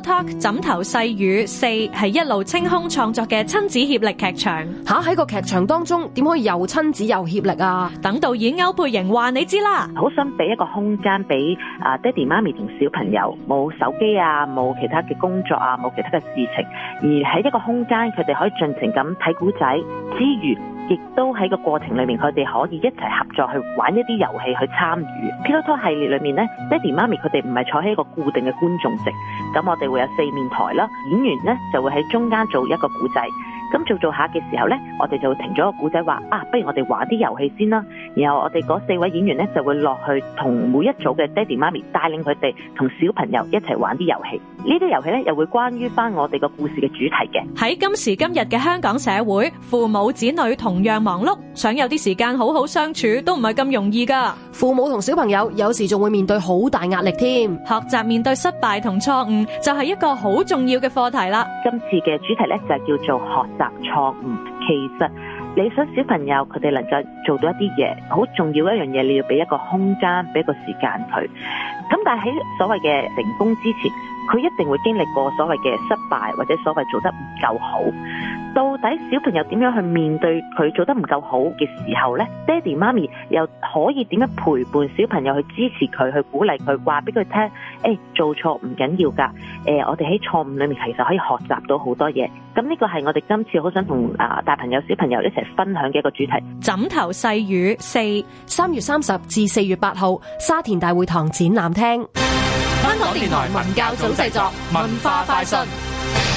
Talk 枕頭細語四係一路清空創作嘅親子協力劇場。吓喺、啊、個劇場當中，點可以又親子又協力啊？等導演歐佩瑩話你知啦。好想俾一個空間俾啊爹哋媽咪同小朋友，冇手機啊，冇其他嘅工作啊，冇其他嘅事情，而喺一個空間，佢哋可以盡情咁睇古仔。之餘，亦都喺個過程裏面，佢哋可以一齊合作去玩一啲遊戲去參與。Piloto 系列裏面呢，爹哋媽咪佢哋唔係坐喺一個固定嘅觀眾席，咁我哋會有四面台啦。演員呢就會喺中間做一個古仔，咁做做下嘅時候呢，我哋就會停咗個古仔話啊，不如我哋玩啲遊戲先啦。然後我哋嗰四位演員咧就會落去同每一組嘅爹哋媽咪帶領佢哋同小朋友一齊玩啲遊戲，呢啲遊戲咧又會關於翻我哋個故事嘅主題嘅。喺今時今日嘅香港社會，父母子女同樣忙碌，想有啲時間好好相處都唔係咁容易噶。父母同小朋友有時仲會面對好大壓力添。學習面對失敗同錯誤就係一個好重要嘅課題啦。今次嘅主題咧就係叫做學習錯誤，其實。你想小朋友佢哋能夠做到一啲嘢，好重要一樣嘢，你要俾一個空間，俾一個時間佢。咁但係喺所謂嘅成功之前，佢一定會經歷過所謂嘅失敗，或者所謂做得唔夠好。到底小朋友點樣去面對佢做得唔夠好嘅時候呢？爹哋媽咪又可以點樣陪伴小朋友去支持佢、去鼓勵佢，話俾佢聽？誒，做錯唔緊要㗎。誒、呃，我哋喺錯誤裏面其實可以學習到好多嘢。咁呢個係我哋今次好想同啊大朋友、小朋友一齊分享嘅一個主題。枕頭細語四，三月三十至四月八號，沙田大會堂展覽廳。香港電台文教組製作，文化快訊。